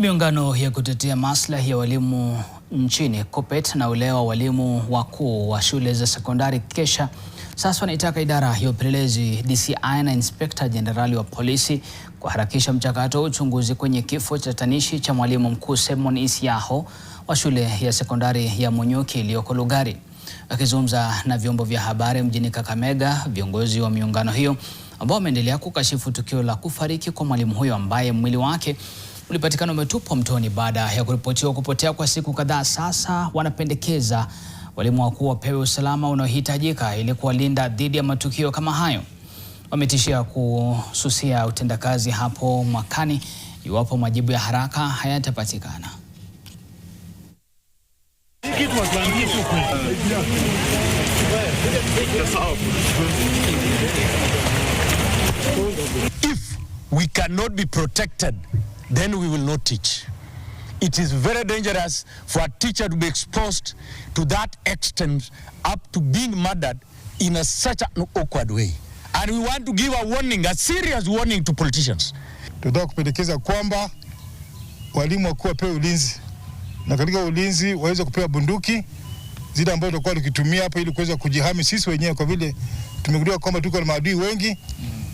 Miungano ya kutetea maslahi ya walimu nchini KUPPET na ule wa walimu wakuu wa shule za sekondari KESHA sasa wanaitaka idara ya upelelezi DCI na inspekta jenerali wa polisi kuharakisha mchakato wa uchunguzi kwenye kifo cha tanishi cha mwalimu mkuu Simon Isiaho wa shule ya sekondari ya Munyuki iliyoko Lugari. Akizungumza na vyombo vya habari mjini Kakamega, viongozi wa miungano hiyo ambao wameendelea kukashifu tukio la kufariki kwa mwalimu huyo ambaye mwili wake ulipatikana umetupwa mtoni baada ya kuripotiwa kupotea kwa siku kadhaa. Sasa wanapendekeza walimu wakuu wapewe usalama unaohitajika ili kuwalinda dhidi ya matukio kama hayo. Wametishia kususia utendakazi hapo mwakani iwapo majibu ya haraka hayatapatikana. If we cannot be protected then we will not teach. It is very dangerous for a teacher to be exposed to that extent up to being murdered in a such an awkward way. And we want to give a warning, a serious warning to politicians. Tunataka kupendekeza kwamba walimu wakuu wapewe ulinzi na katika ulinzi waweze kupewa bunduki zile ambazo tutakuwa tukitumia hapa ili kuweza kujihami sisi wenyewe, kwa vile tumeguliwa kwamba tuko na maadui wengi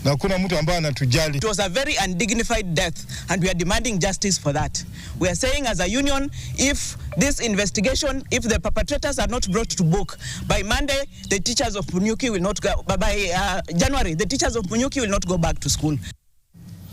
na hakuna mtu ambaye anatujali. It was a very undignified death and we are demanding justice for that. We are saying as a union if this investigation if the perpetrators are not brought to book by Monday the teachers of Munyuki will not go, by uh, January the teachers of Munyuki will not go back to school.